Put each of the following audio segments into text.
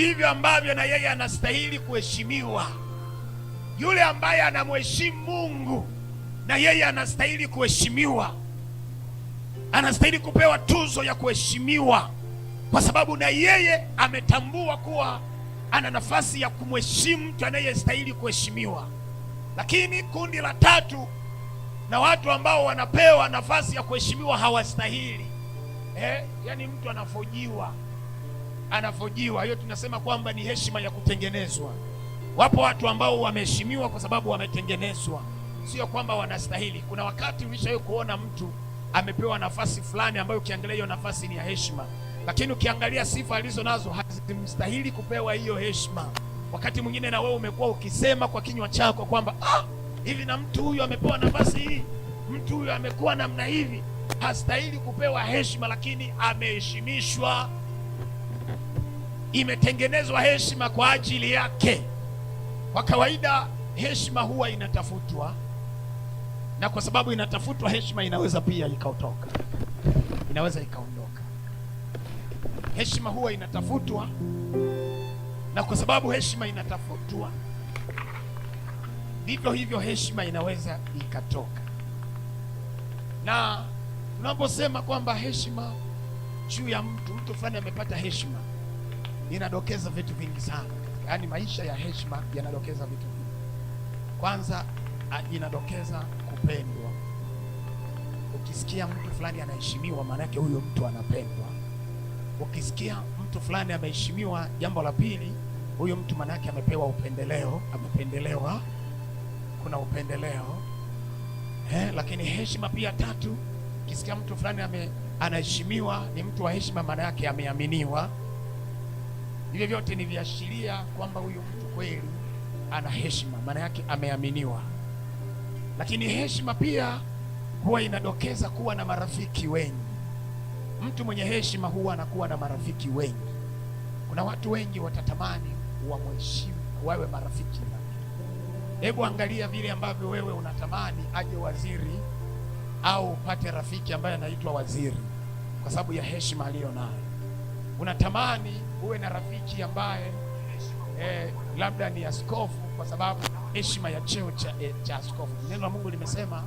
ndivyo ambavyo na yeye anastahili kuheshimiwa. Yule ambaye anamheshimu Mungu na yeye anastahili kuheshimiwa, anastahili kupewa tuzo ya kuheshimiwa, kwa sababu na yeye ametambua kuwa ana nafasi ya kumheshimu mtu anayestahili kuheshimiwa. Lakini kundi la tatu na watu ambao wanapewa nafasi ya kuheshimiwa hawastahili eh, yani mtu anafojiwa anavojiwa. Hiyo tunasema kwamba ni heshima ya kutengenezwa. Wapo watu ambao wameheshimiwa kwa sababu wametengenezwa, sio kwamba wanastahili. Kuna wakati ulishawahi kuona mtu amepewa nafasi fulani ambayo ukiangalia hiyo nafasi ni ya heshima, lakini ukiangalia sifa alizo nazo hazimstahili kupewa hiyo heshima. Wakati mwingine na wewe umekuwa ukisema kwa kinywa chako kwamba ah, hivi na mtu huyu amepewa nafasi hii, mtu huyu amekuwa namna hivi, hastahili kupewa heshima, lakini ameheshimishwa imetengenezwa heshima kwa ajili yake. Kwa kawaida heshima huwa inatafutwa, na kwa sababu inatafutwa, heshima inaweza pia ikaotoka, inaweza ikaondoka. Heshima huwa inatafutwa, na kwa sababu heshima inatafutwa, vivyo hivyo heshima inaweza ikatoka. Na tunaposema kwamba heshima juu ya mtu, mtu fulani amepata heshima inadokeza vitu vingi sana, yaani maisha ya heshima yanadokeza vitu vingi. Kwanza inadokeza kupendwa. Ukisikia mtu fulani anaheshimiwa, maana yake huyo mtu anapendwa. Ukisikia mtu fulani ameheshimiwa, jambo la pili, huyo mtu maana yake amepewa upendeleo, amependelewa, kuna upendeleo eh. Lakini heshima pia, tatu, ukisikia mtu fulani anaheshimiwa, ni mtu wa heshima, maana yake ameaminiwa hivyo vyote ni viashiria kwamba huyu mtu kweli ana heshima, maana yake ameaminiwa. Lakini heshima pia huwa inadokeza kuwa na marafiki wengi. Mtu mwenye heshima huwa anakuwa na marafiki wengi. Kuna watu wengi watatamani wamheshimu, wawe marafiki. Hebu angalia vile ambavyo wewe unatamani aje waziri au upate rafiki ambaye anaitwa waziri, kwa sababu ya heshima aliyonayo unatamani uwe na rafiki ambaye eh, labda ni askofu, kwa sababu heshima ya cheo cha, eh, cha askofu. Neno la Mungu limesema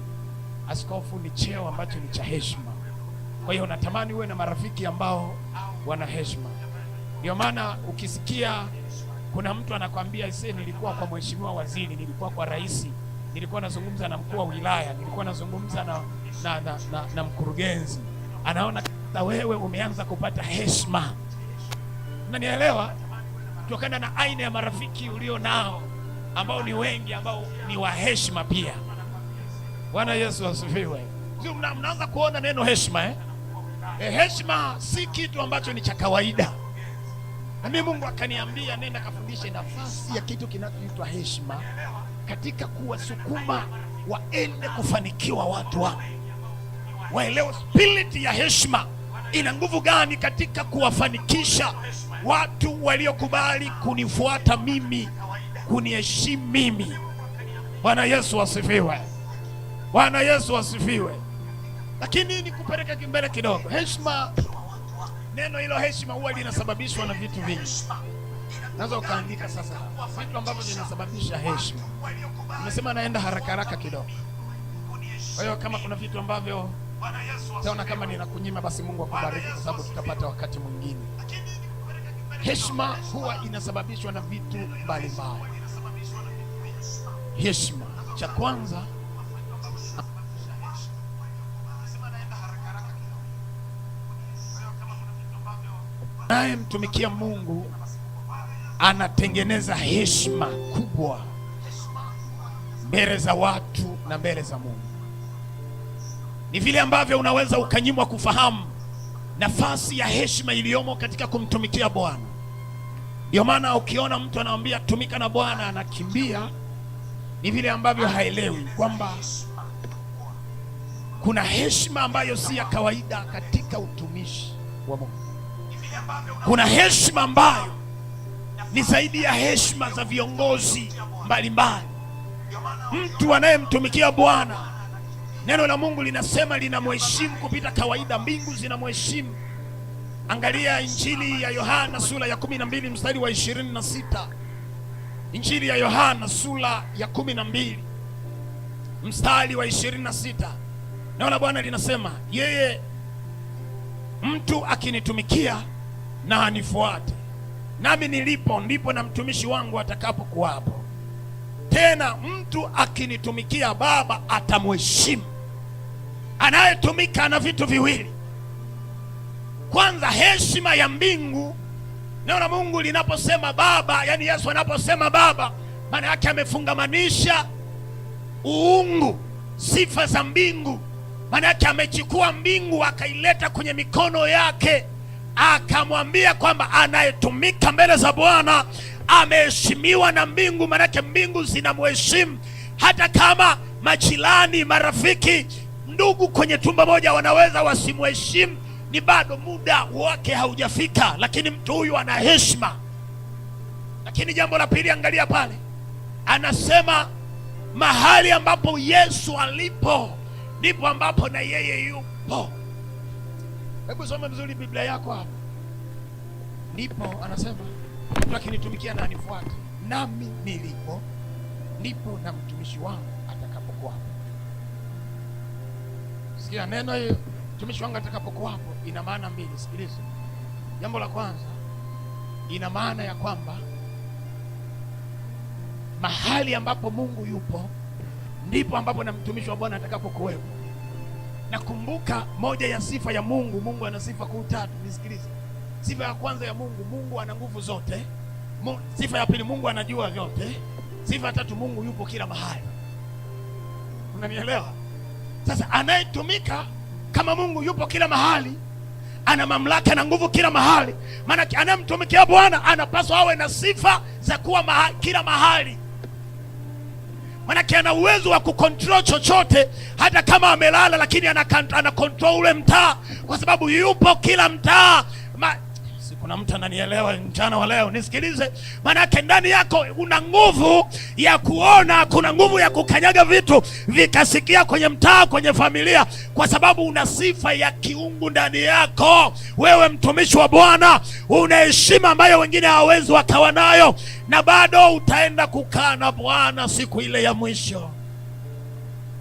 askofu ni cheo ambacho ni cha heshima. Kwa hiyo unatamani uwe na marafiki ambao wana heshima. Ndio maana ukisikia kuna mtu anakwambia ise, nilikuwa kwa mheshimiwa waziri, nilikuwa kwa rais, nilikuwa nazungumza na mkuu wa wilaya, nilikuwa nazungumza na, na, na, na, na mkurugenzi, anaona na wewe umeanza kupata heshima, unanielewa? Kutokana na aina ya marafiki ulio nao ambao ni wengi, ambao ni wa heshima pia. Bwana Yesu asifiwe. mna, mnaanza kuona neno heshima eh? E, heshima si kitu ambacho ni cha kawaida, na mimi Mungu akaniambia nenda kafundishe nafasi ya kitu kinachoitwa heshima katika kuwasukuma waende kufanikiwa watu wa waelewe spiriti ya heshima ina nguvu gani katika kuwafanikisha watu waliokubali kunifuata mimi, kuniheshimu mimi. Bwana Yesu asifiwe! Bwana Yesu asifiwe! Lakini nikupeleke kimbele kidogo, heshima. Neno hilo heshima huwa linasababishwa na vitu vingi. Naweza ukaandika sasa vitu ambavyo vinasababisha heshima. Nimesema naenda haraka haraka kidogo, kwa hiyo kama kuna vitu ambavyo taona kama ninakunyima, basi Mungu akubariki, kwa sababu tutapata wakati mwingine. Heshima huwa inasababishwa na vitu mbalimbali. Heshima cha kwanza mtumikia Mungu anatengeneza heshima kubwa mbele za watu na mbele za Mungu ni vile ambavyo unaweza ukanyimwa kufahamu nafasi ya heshima iliyomo katika kumtumikia Bwana. Ndio maana ukiona mtu anawambia tumika na Bwana anakimbia, ni vile ambavyo haelewi kwamba kuna heshima ambayo si ya kawaida katika utumishi wa Mungu. Kuna heshima ambayo ni zaidi ya heshima za viongozi mbalimbali. Mtu anayemtumikia Bwana Neno la Mungu linasema linamheshimu kupita kawaida, mbingu zinamheshimu. Angalia Injili ya Yohana sura ya 12 mstari wa 26. Injili ya Yohana sura ya 12 mstari wa 26. Neno la Bwana linasema yeye, mtu akinitumikia na anifuate, nami nilipo ndipo na mtumishi wangu atakapokuwapo. Tena mtu akinitumikia, Baba atamheshimu anayetumika na vitu viwili. Kwanza, heshima ya mbingu. Neno la Mungu linaposema Baba, yaani Yesu anaposema Baba, maana yake amefungamanisha uungu, sifa za mbingu. Maana yake amechukua mbingu akaileta kwenye mikono yake, akamwambia kwamba anayetumika mbele za Bwana ameheshimiwa na mbingu. Maana yake mbingu zinamheshimu hata kama majirani, marafiki ndugu kwenye tumba moja wanaweza wasimheshimu, ni bado muda wake haujafika, lakini mtu huyu ana heshima. Lakini jambo la pili, angalia pale, anasema mahali ambapo Yesu alipo ndipo ambapo na yeye yupo. Hebu soma vizuri Biblia yako hapo. Ndipo anasema mtu akinitumikia na anifuata, nami nilipo ndipo na mtumishi wangu Sikia neno hiyo, mtumishi wangu hapo, ina maana mbili. Sikiliza, jambo la kwanza, ina maana ya kwamba mahali ambapo Mungu yupo ndipo ambapo na mtumishi wa Bwana atakapokuwepo. Nakumbuka moja ya sifa ya Mungu, Mungu ana sifa kuu tatu, nisikilize. Sifa ya kwanza ya Mungu, Mungu ana nguvu zote. Sifa ya pili, Mungu anajua vyote. Sifa ya tatu, Mungu yupo kila mahali. Unanielewa? Sasa anayetumika kama Mungu yupo kila mahali, ana mamlaka na nguvu kila mahali, maanake anayemtumikia Bwana anapaswa awe na sifa za kuwa maha, kila mahali maanake ana uwezo wa kukontrol chochote, hata kama amelala, lakini ana, ana control ule mtaa, kwa sababu yupo kila mtaa. Kuna mtu ananielewa mchana wa leo? Nisikilize, maanake ndani yako una nguvu ya kuona, kuna nguvu ya kukanyaga vitu vikasikia kwenye mtaa, kwenye familia, kwa sababu una sifa ya kiungu ndani yako. Wewe mtumishi wa Bwana, una heshima ambayo wengine hawawezi wakawa nayo, na bado utaenda kukaa na Bwana siku ile ya mwisho.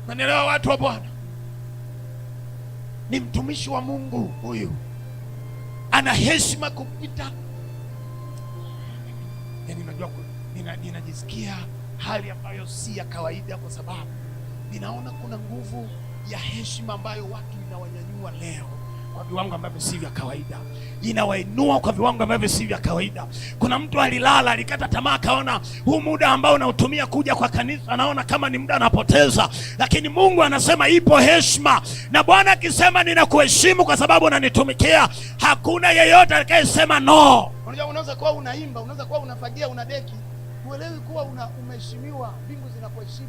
Nanielewa watu wa Bwana? Ni mtumishi wa Mungu huyu ana heshima kupita. Yani unajua, ninajisikia hali ambayo si ya kawaida, kwa sababu ninaona kuna nguvu ya heshima ambayo watu inawanyanyua leo kwa viwango ambavyo si vya kawaida, inawainua kwa viwango ambavyo si vya kawaida. Kuna mtu alilala, alikata tamaa, akaona huu muda ambao unautumia kuja kwa kanisa anaona kama ni muda anapoteza, lakini Mungu anasema ipo heshima, na Bwana akisema ninakuheshimu kwa sababu unanitumikia, hakuna yeyote atakayesema no. Unajua, unaweza kuwa unaimba, unaweza kuwa unafagia, una deki, huelewi kuwa una umeheshimiwa, mbingu zinakuheshimu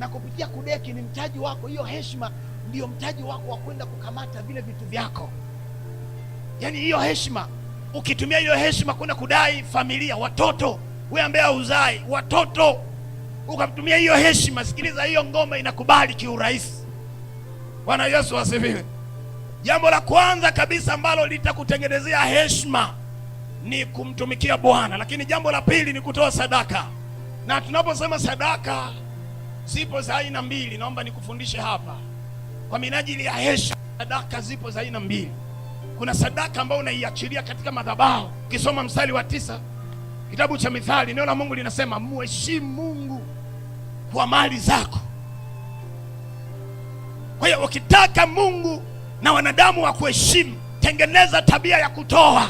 na kupitia kudeki ni mtaji wako, hiyo heshima ndio mtaji wako wa kwenda kukamata vile vitu vyako. Yaani hiyo heshima, ukitumia hiyo heshima kwenda kudai familia, watoto, wewe ambaye uzai watoto, ukatumia hiyo heshima, sikiliza, hiyo ngoma inakubali kiurahisi. Bwana Yesu asifiwe. Jambo la kwanza kabisa ambalo litakutengenezea heshima ni kumtumikia Bwana, lakini jambo la pili ni kutoa sadaka. Na tunaposema sadaka, zipo za aina mbili, naomba nikufundishe hapa kwa minajili ya hesha. Sadaka zipo za aina mbili. Kuna sadaka ambayo unaiachilia katika madhabahu. Ukisoma mstari wa tisa kitabu cha Mithali, neno la Mungu linasema muheshimu Mungu kwa mali zako. Kwa hiyo ukitaka Mungu na wanadamu wa kuheshimu, tengeneza tabia ya kutoa,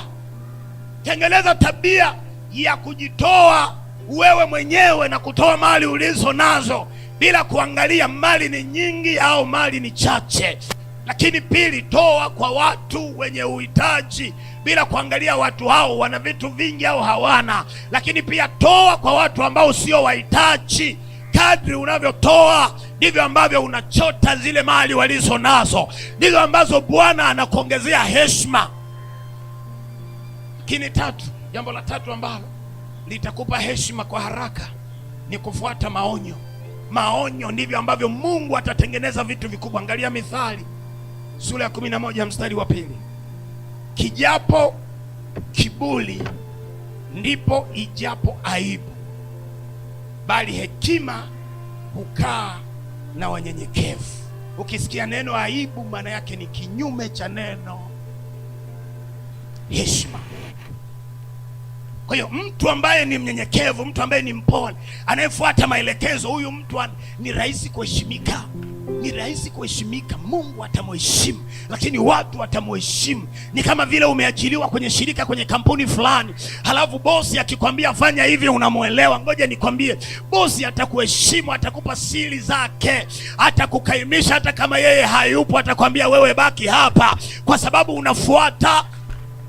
tengeneza tabia ya kujitoa wewe mwenyewe na kutoa mali ulizo nazo bila kuangalia mali ni nyingi au mali ni chache. Lakini pili, toa kwa watu wenye uhitaji bila kuangalia watu hao wana vitu vingi au hawana. Lakini pia toa kwa watu ambao sio wahitaji. Kadri unavyotoa ndivyo ambavyo unachota zile mali walizo nazo, ndivyo ambazo Bwana anakuongezea heshima. Lakini tatu, jambo la tatu ambalo litakupa heshima kwa haraka ni kufuata maonyo maonyo, ndivyo ambavyo Mungu atatengeneza vitu vikubwa. Angalia Mithali sura ya kumi na moja mstari wa pili, kijapo kiburi ndipo ijapo aibu, bali hekima hukaa na wanyenyekevu. Ukisikia neno aibu, maana yake ni kinyume cha neno heshima. Kwa hiyo mtu ambaye ni mnyenyekevu, mtu ambaye ni mpole, anayefuata maelekezo, huyu mtu ni rahisi kuheshimika, ni rahisi kuheshimika. Mungu atamheshimu, lakini watu watamheshimu. Ni kama vile umeajiriwa kwenye shirika, kwenye kampuni fulani, halafu bosi akikwambia fanya hivi, unamwelewa. Ngoja nikwambie, bosi atakuheshimu, atakupa siri zake, atakukaimisha. Hata kama yeye hayupo, atakwambia wewe baki hapa, kwa sababu unafuata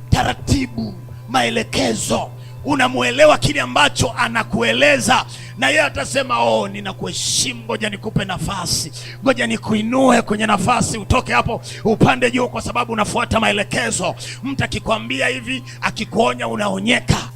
taratibu, maelekezo unamwelewa kile ambacho anakueleza, na yeye atasema oh, ninakuheshimu, ngoja nikupe nafasi, ngoja nikuinue kwenye nafasi, utoke hapo upande juu, kwa sababu unafuata maelekezo. Mtu akikwambia hivi, akikuonya, unaonyeka.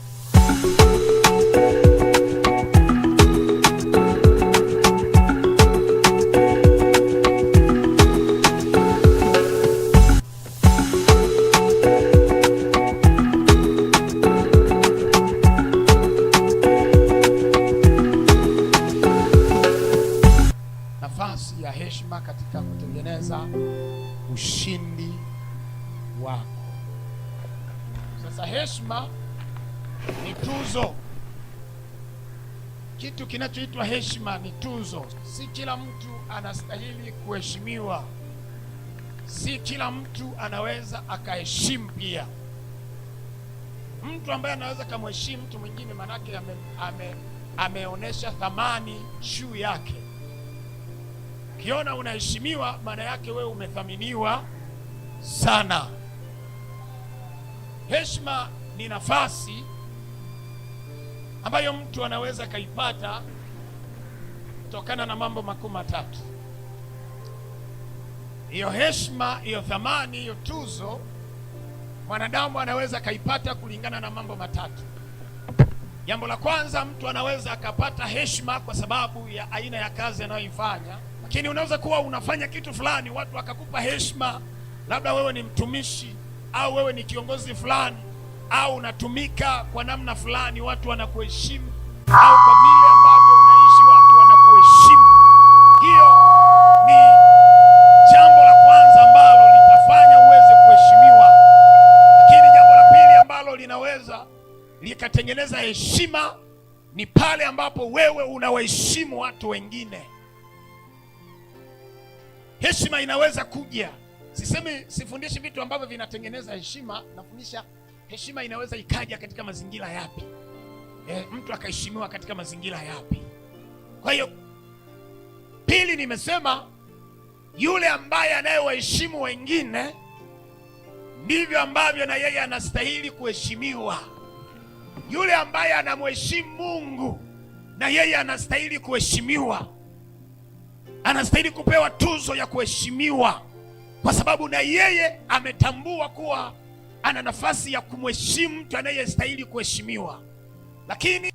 kinachoitwa heshima ni tuzo Si kila mtu anastahili kuheshimiwa, si kila mtu anaweza akaheshimu. Pia mtu ambaye anaweza akamheshimu mtu mwingine, manake ame, ame, ameonyesha thamani juu yake. Ukiona unaheshimiwa, maana yake wewe umethaminiwa sana. Heshima ni nafasi ambayo mtu anaweza akaipata kutokana na mambo makuu matatu. Hiyo heshima, hiyo thamani, hiyo tuzo mwanadamu anaweza akaipata kulingana na mambo matatu. Jambo la kwanza, mtu anaweza akapata heshima kwa sababu ya aina ya kazi anayoifanya. Lakini unaweza kuwa unafanya kitu fulani, watu wakakupa heshima, labda wewe ni mtumishi au wewe ni kiongozi fulani au unatumika kwa namna fulani, watu wanakuheshimu, au kwa vile ambavyo unaishi watu wanakuheshimu. Hiyo ni jambo la kwanza ambalo litafanya uweze kuheshimiwa, lakini jambo la pili ambalo linaweza likatengeneza heshima ni pale ambapo wewe unawaheshimu watu wengine. Heshima inaweza kuja. Sisemi sifundishi vitu ambavyo vinatengeneza heshima, nafundisha heshima inaweza ikaja katika mazingira yapi? E, mtu akaheshimiwa katika mazingira yapi? Kwa hiyo pili, nimesema yule ambaye anayewaheshimu wengine ndivyo ambavyo na yeye anastahili kuheshimiwa. Yule ambaye anamheshimu Mungu na yeye anastahili kuheshimiwa, anastahili kupewa tuzo ya kuheshimiwa, kwa sababu na yeye ametambua kuwa ana nafasi ya kumheshimu mtu anayestahili kuheshimiwa, lakini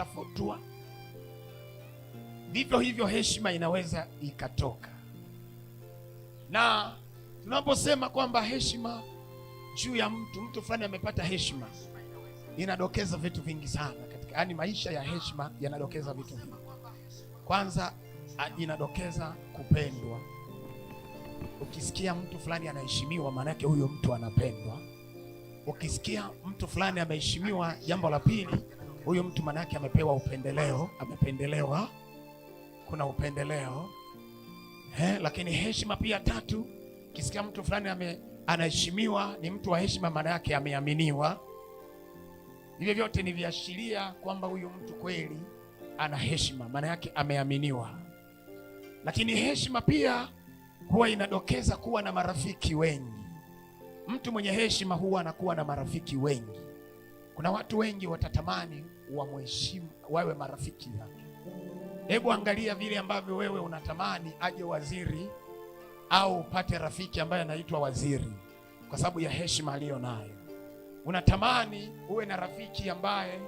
ikatafutwa, vivyo hivyo heshima inaweza ikatoka. Na tunaposema kwamba heshima juu ya mtu, mtu fulani amepata heshima, inadokeza vitu vingi sana katika, yaani maisha ya heshima yanadokeza vitu vingi. Kwanza inadokeza kupendwa. Ukisikia mtu fulani anaheshimiwa, maana yake huyo mtu anapendwa. Ukisikia mtu fulani ameheshimiwa, jambo la pili Huyu mtu manake amepewa upendeleo, amependelewa, kuna upendeleo He, eh, lakini heshima pia tatu. Kisikia mtu fulani anaheshimiwa, ni mtu wa heshima, maana yake ameaminiwa. Hivyo vyote ni viashiria kwamba huyu mtu kweli ana heshima, maana yake ameaminiwa. Lakini heshima pia huwa inadokeza kuwa na marafiki wengi. Mtu mwenye heshima huwa anakuwa na marafiki wengi. Kuna watu wengi watatamani wamheshimu, wawe marafiki yake. Hebu angalia vile ambavyo wewe unatamani aje waziri au upate rafiki ambaye anaitwa waziri kwa sababu ya heshima aliyo nayo. Unatamani uwe na rafiki ambaye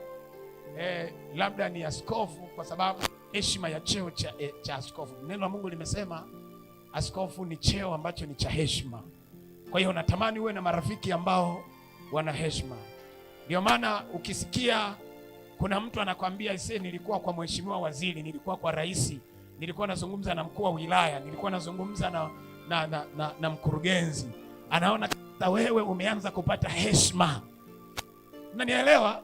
eh, labda ni askofu kwa sababu heshima ya cheo cha, eh, cha askofu. Neno la Mungu limesema askofu ni cheo ambacho ni cha heshima. Kwa hiyo unatamani uwe na marafiki ambao wana heshima. Ndio maana ukisikia kuna mtu anakwambia ise, nilikuwa kwa mheshimiwa waziri, nilikuwa kwa rais, nilikuwa nazungumza na mkuu wa wilaya, nilikuwa nazungumza na, na, na, na, na mkurugenzi, anaona sasa wewe umeanza kupata heshima, na nielewa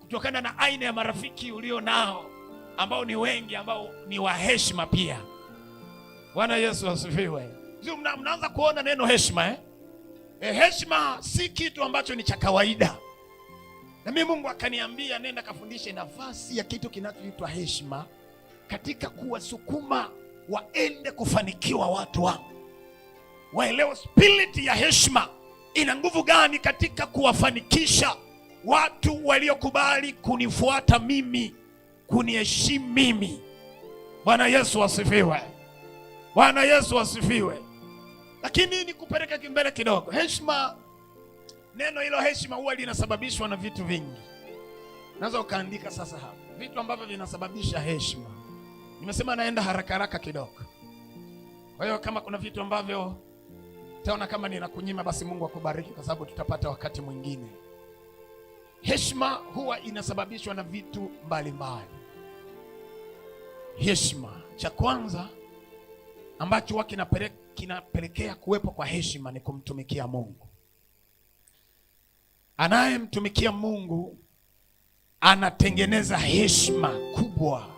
kutokana na aina ya marafiki ulio nao ambao ni wengi, ambao ni wa heshima pia. Bwana Yesu asifiwe. mnaanza kuona neno heshima eh? Eh, heshima si kitu ambacho ni cha kawaida. Na mimi Mungu akaniambia nenda kafundishe nafasi ya kitu kinachoitwa heshima katika kuwasukuma waende kufanikiwa watu wangu. Waelewe spirit ya heshima ina nguvu gani katika kuwafanikisha watu waliokubali kunifuata mimi, kuniheshimu mimi. Bwana Yesu asifiwe. Bwana Yesu asifiwe. Lakini kupeleka kimbele kidogo. Heshima Neno hilo heshima huwa linasababishwa na vitu vingi. Naweza ukaandika sasa hapa vitu ambavyo vinasababisha heshima. Nimesema naenda haraka haraka kidogo, kwa hiyo kama kuna vitu ambavyo taona kama ninakunyima, basi Mungu akubariki, kwa sababu tutapata wakati mwingine. Heshima huwa inasababishwa na vitu mbalimbali. Heshima cha kwanza ambacho huwa kinapelekea kuwepo kwa heshima ni kumtumikia Mungu. Anayemtumikia Mungu anatengeneza heshima kubwa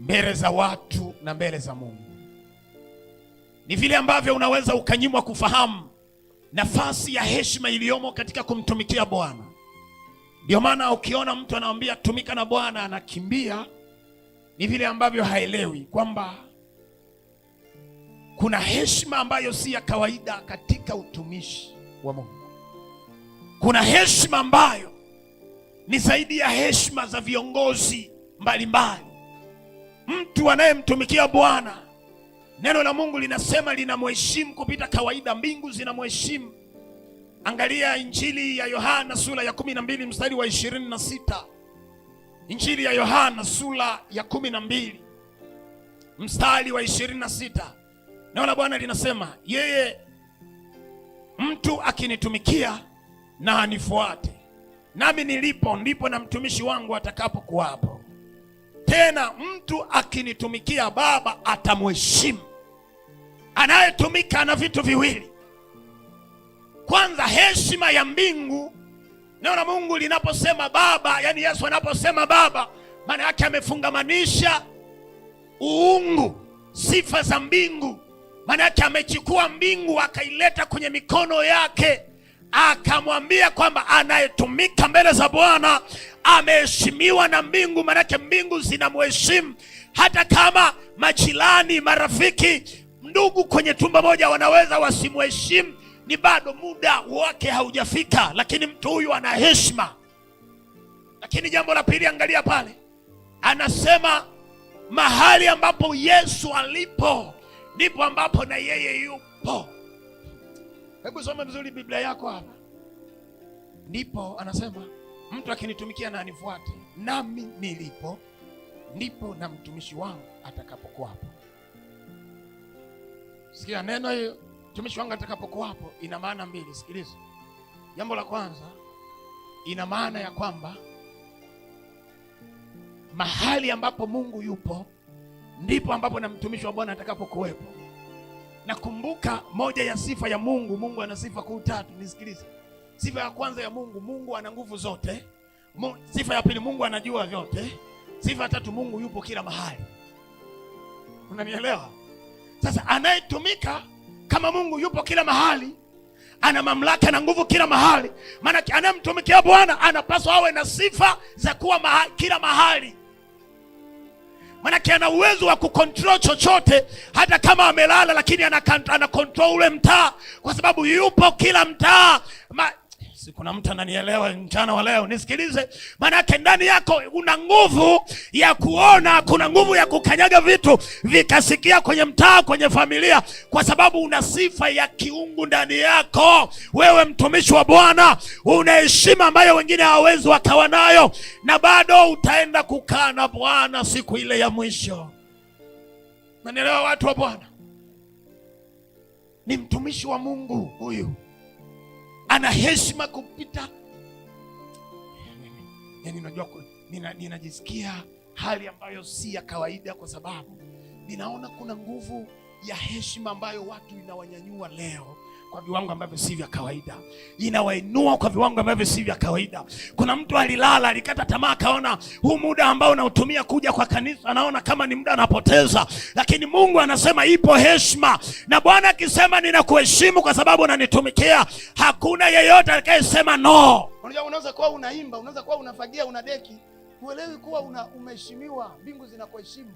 mbele za watu na mbele za Mungu. Ni vile ambavyo unaweza ukanyimwa kufahamu nafasi ya heshima iliyomo katika kumtumikia Bwana. Ndio maana ukiona mtu anawambia tumika na Bwana anakimbia, ni vile ambavyo haelewi kwamba kuna heshima ambayo si ya kawaida katika utumishi wa Mungu. Kuna heshima ambayo ni zaidi ya heshima za viongozi mbalimbali. Mtu anayemtumikia Bwana, neno la Mungu linasema linamheshimu kupita kawaida, mbingu zinamheshimu. Angalia Injili ya Yohana sura ya 12 mstari wa 26. Injili ya Yohana sura ya 12 mstari wa 26, neno la Bwana linasema yeye, mtu akinitumikia na anifuate nami nilipo ndipo na mtumishi wangu atakapokuwapo. Tena mtu akinitumikia Baba atamheshimu. Anayetumika na vitu viwili, kwanza heshima ya mbingu. Naona Mungu linaposema Baba, yani Yesu anaposema Baba, maana yake amefungamanisha uungu, sifa za mbingu, maana yake amechukua mbingu akaileta kwenye mikono yake akamwambia kwamba anayetumika mbele za Bwana ameheshimiwa na mbingu, manake mbingu zinamheshimu. Hata kama majirani, marafiki, ndugu kwenye tumba moja wanaweza wasimheshimu, ni bado muda wake haujafika, lakini mtu huyu ana heshima. Lakini jambo la pili, angalia pale, anasema mahali ambapo Yesu alipo ndipo ambapo na yeye yupo. Hebu soma vizuri Biblia yako hapa. Ndipo anasema mtu akinitumikia na anifuate, nami nilipo ndipo na mtumishi wangu atakapokuwapo. Sikia neno hiyo, mtumishi wangu hapo, ina maana mbili. Sikiliza, jambo la kwanza, ina maana ya kwamba mahali ambapo Mungu yupo ndipo ambapo na mtumishi wa Bwana atakapokuwepo. Nakumbuka moja ya sifa ya Mungu. Mungu ana sifa kuu tatu, nisikilize. Sifa ya kwanza ya Mungu, Mungu ana nguvu zote. Sifa ya pili, Mungu anajua vyote. Sifa ya tatu, Mungu yupo kila mahali. Unanielewa? Sasa anayetumika kama Mungu yupo kila mahali, ana mamlaka na nguvu kila mahali, maana anayemtumikia Bwana anapaswa awe na sifa za kuwa maha, kila mahali Manake ana uwezo wa kukontrol chochote, hata kama amelala, lakini ana, ana control ule mtaa, kwa sababu yupo kila mtaa Si kuna mtu ananielewa mchana wa leo? Nisikilize, maanake ndani yako una nguvu ya kuona, kuna nguvu ya kukanyaga vitu vikasikia kwenye mtaa, kwenye familia, kwa sababu una sifa ya kiungu ndani yako. Wewe mtumishi wa Bwana una heshima ambayo wengine hawawezi wakawa nayo, na bado utaenda kukaa na Bwana siku ile ya mwisho. Nanielewa watu wa Bwana? Ni mtumishi wa Mungu huyu ana heshima kupita. Yani unajua, ninajisikia nina hali ambayo si ya kawaida, kwa sababu ninaona kuna nguvu ya heshima ambayo watu inawanyanyua leo kwa viwango ambavyo si vya kawaida, inawainua kwa viwango ambavyo si vya kawaida. Kuna mtu alilala, alikata tamaa, akaona huu muda ambao unaotumia kuja kwa kanisa anaona kama ni muda anapoteza, lakini Mungu anasema ipo heshima, na Bwana akisema ninakuheshimu kwa sababu unanitumikia, hakuna yeyote atakayesema no. Unajua, unaweza kuwa unaimba, unaweza kuwa unafagia, una deki, huelewi kuwa umeheshimiwa, mbingu zinakuheshimu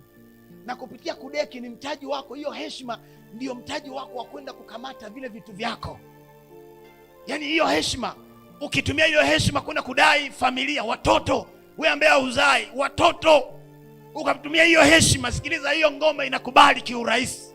na kupitia kudeki ni mtaji wako. Hiyo heshima ndiyo mtaji wako wa kwenda kukamata vile vitu vyako, yaani hiyo heshima. Ukitumia hiyo heshima kwenda kudai familia, watoto, wewe ambaye hauzai watoto, ukatumia hiyo heshima, sikiliza, hiyo ngoma inakubali kiurahisi.